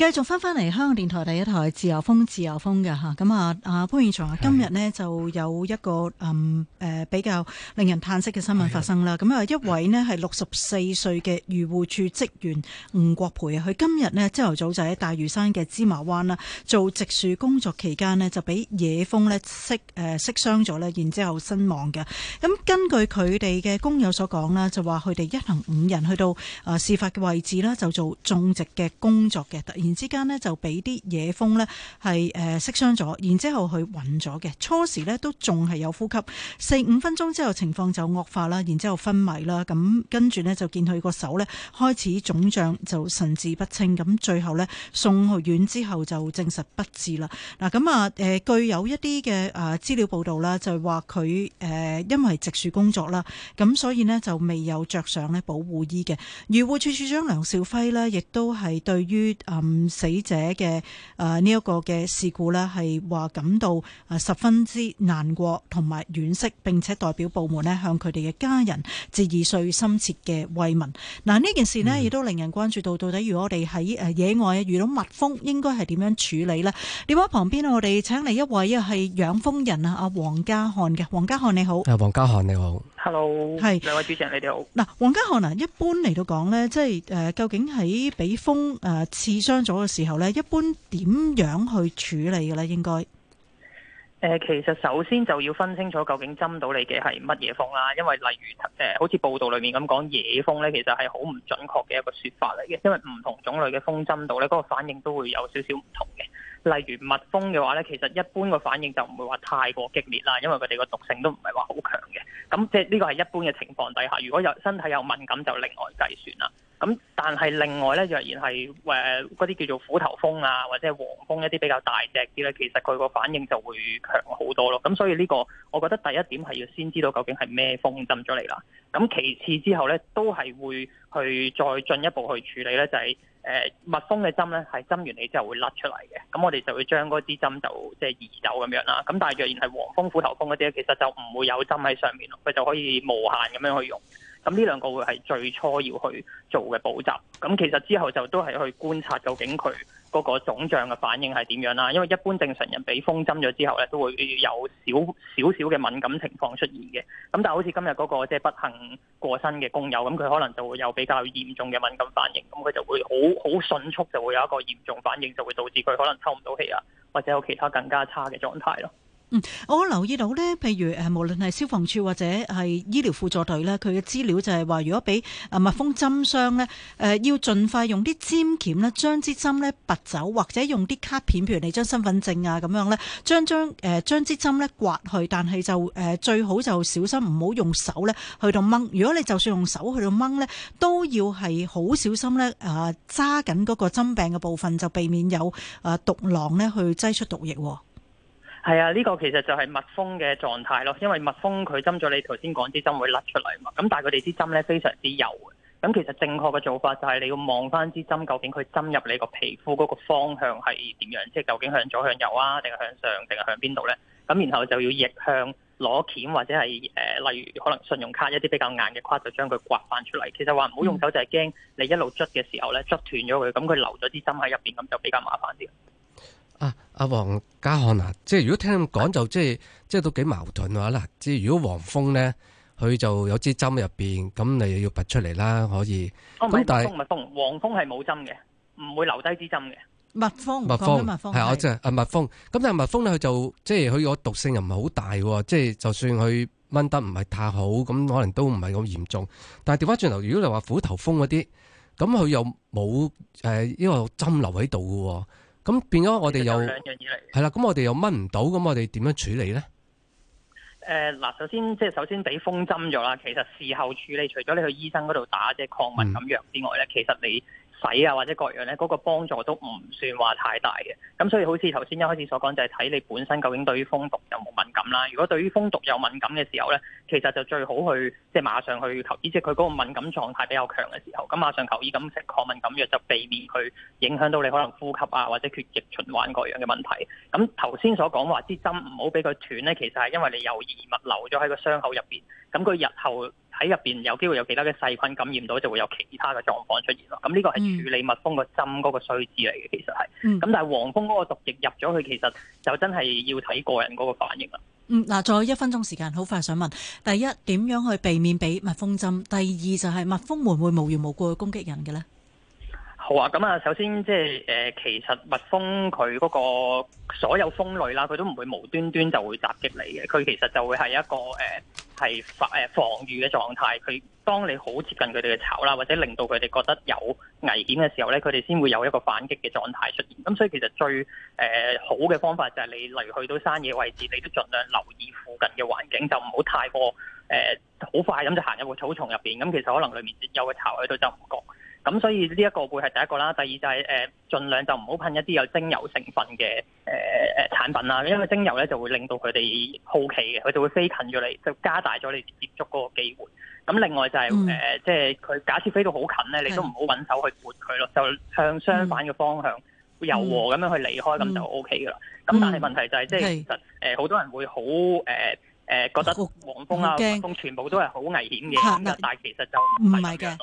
繼續翻返嚟香港電台第一台《自由風》，自由風嘅嚇，咁啊，阿潘綺嫦啊，今日呢的就有一個嗯誒、呃、比較令人嘆息嘅新聞發生啦。咁的啊，一位呢係六十四歲嘅漁護處職員吳國培啊，佢今日呢朝頭早就喺大嶼山嘅芝麻灣啦，做植樹工作期間呢就俾野蜂呢螫誒螫傷咗呢，然之後身亡嘅。咁、啊、根據佢哋嘅工友所講啦，就話佢哋一行五人去到啊、呃、事發嘅位置啦，就做種植嘅工作嘅，突然，然之間呢，就俾啲野蜂呢係誒螫傷咗，然之後佢暈咗嘅。初時呢都仲係有呼吸，四五分鐘之後情況就惡化啦，然之後昏迷啦。咁跟住呢，就見佢個手呢開始腫脹，就神志不清。咁最後呢，送去院之後就證實不治啦。嗱咁啊誒據有一啲嘅誒資料報道啦，就係話佢誒因為植樹工作啦，咁所以呢，就未有着上呢保護衣嘅。漁護處處長梁兆輝呢，亦都係對於誒，嗯死者嘅誒呢一個嘅事故呢，係話感到誒、呃、十分之難過同埋惋惜，並且代表部門呢，向佢哋嘅家人致以最深切嘅慰問。嗱、呃、呢件事呢，亦都令人關注到，到底如果我哋喺誒野外遇到蜜蜂，應該係點樣處理呢？電話旁邊我哋請嚟一位啊，係養蜂人啊，阿黃嘉漢嘅，黃嘉漢你好。阿黃嘉漢你好，Hello。係兩位主持人你哋好。嗱、呃，黃嘉漢啊，一般嚟到講呢，即係誒、呃、究竟喺俾蜂誒刺傷？咗嘅時候咧，一般點樣去處理嘅咧？應該誒，其實首先就要分清楚究竟針到你嘅係乜嘢蜂啦。因為例如誒、呃，好似報道裏面咁講野蜂咧，其實係好唔準確嘅一個說法嚟嘅。因為唔同種類嘅蜂針到咧，嗰、那個反應都會有少少唔同嘅。例如蜜蜂嘅話咧，其實一般個反應就唔會話太過激烈啦，因為佢哋個毒性都唔係話好強嘅。咁即係呢個係一般嘅情況底下，如果有身體有敏感，就另外計算啦。咁，但係另外呢，若然係誒嗰啲叫做虎頭蜂啊，或者黃蜂一啲比較大隻啲呢，其實佢個反應就會強好多咯。咁所以呢個，我覺得第一點係要先知道究竟係咩蜂針咗嚟啦。咁其次之後呢，都係會去再進一步去處理呢，就係。誒蜜蜂嘅針咧，係針完你之後會甩出嚟嘅，咁我哋就會將嗰支針就即係移走咁樣啦。咁但係若然係黃蜂、虎頭蜂嗰啲咧，其實就唔會有針喺上面咯，佢就可以無限咁樣去用。咁呢兩個會係最初要去做嘅補習。咁其實之後就都係去觀察究竟佢嗰個腫脹嘅反應係點樣啦？因為一般正常人俾蜂針咗之後咧，都會有少少少嘅敏感情況出現嘅。咁但係好似今日嗰個即係不幸過身嘅工友，咁佢可能就會有比較嚴重嘅敏感反應，咁佢就會好好迅速就會有一個嚴重反應，就會導致佢可能抽唔到氣啊，或者有其他更加差嘅狀態咯。嗯，我留意到咧，譬如誒，無論係消防處或者係醫療輔助隊咧，佢嘅資料就係、是、話，如果俾啊蜜蜂針傷咧，誒、呃、要盡快用啲尖鉗呢將支針咧拔走，或者用啲卡片，譬如你張身份證啊咁樣咧，將張誒將支針咧刮去，但係就誒、呃、最好就小心，唔好用手咧去到掹。如果你就算用手去到掹咧，都要係好小心咧，啊揸緊嗰個針柄嘅部分，就避免有啊毒囊咧去擠出毒液。係啊，呢、這個其實就係蜜蜂嘅狀態咯，因為蜜蜂佢針咗你，頭先講啲針會甩出嚟嘛。咁但係佢哋啲針咧非常之幼。咁其實正確嘅做法就係你要望翻支針究竟佢針入你個皮膚嗰個方向係點樣，即係究竟向左向右啊，定係向上，定係向邊度咧？咁然後就要逆向攞鉗或者係誒、呃，例如可能信用卡一啲比較硬嘅框，就將佢刮翻出嚟。其實話唔好用手就係驚你一路捽嘅時候咧捽斷咗佢，咁佢留咗支針喺入邊，咁就比較麻煩啲。啊！阿黃嘉漢啊，即係如果聽講就即係即係都幾矛盾嘅話啦！即係如果黃蜂咧，佢就有支針入邊，咁你又要拔出嚟啦，可以。哦、但是蜜蜂，蜂蜂蜜蜂，黃蜂係冇針嘅，唔會留低支針嘅。蜜蜂，蜜蜂，蜜蜂。係啊，即係的啊，蜜蜂。咁但係蜜蜂咧，佢就即係佢個毒性又唔係好大喎。即係就算佢掹得唔係太好，咁可能都唔係咁嚴重。但係掉翻轉頭，如果你話虎頭蜂嗰啲，咁佢又冇誒呢個針留喺度嘅喎。咁變咗我哋又係啦，咁我哋又掹唔到，咁我哋點樣處理咧？誒，嗱，首先即係首先俾蜂針針咗啦，其實事後處理除咗你去醫生嗰度打即係抗敏感藥之外咧，嗯、其實你使啊或者各樣咧，嗰、那個幫助都唔算話太大嘅。咁所以好似頭先一開始所講，就係、是、睇你本身究竟對於風毒有冇敏感啦。如果對於風毒有敏感嘅時候咧，其實就最好去即係、就是、馬上去求醫，即係佢嗰個敏感狀態比較強嘅時候，咁馬上求醫咁食抗敏感藥，就避免佢影響到你可能呼吸啊或者血液循環各樣嘅問題。咁頭先所講話支針唔好俾佢斷咧，其實係因為你有異物留咗喺個傷口入邊，咁佢日後，喺入邊有機會有其他嘅細菌感染到，就會有其他嘅狀況出現咯。咁呢個係處理蜜蜂個針嗰個須知嚟嘅，其實係。咁但係黃蜂嗰個毒液入咗去，其實就真係要睇個人嗰個反應啦。嗯，嗱，再一分鐘時間，好快想問：第一點樣去避免俾蜜蜂針？第二就係蜜蜂會唔會無緣無故去攻擊人嘅咧？好啊，咁啊，首先即係誒，其實蜜蜂佢嗰個所有蜂類啦，佢都唔會無端端就會襲擊你嘅。佢其實就會係一個誒。呃係防誒防禦嘅狀態，佢當你好接近佢哋嘅巢啦，或者令到佢哋覺得有危險嘅時候咧，佢哋先會有一個反擊嘅狀態出現。咁所以其實最誒、呃、好嘅方法就係你嚟去到山野位置，你都盡量留意附近嘅環境，就唔好太過誒好、呃、快咁就行入個草叢入邊。咁其實可能裡面有個巢喺度就唔覺。咁所以呢一個會係第一個啦，第二就係誒儘量就唔好噴一啲有精油成分嘅誒誒產品啦，因為精油咧就會令到佢哋好奇嘅，佢就會飛近咗你，就加大咗你接觸嗰個機會。咁另外就係、是、誒、嗯呃，即係佢假設飛到好近咧，你都唔好揾手去撥佢咯，的就向相反嘅方向柔和咁樣去離開，咁、嗯、就 O K 㗎喇。咁、嗯、但係問題就係即係其實誒好多人會好誒誒覺得黃蜂啊、蜜蜂全部都係好危險嘅，但係其實就唔係嘅。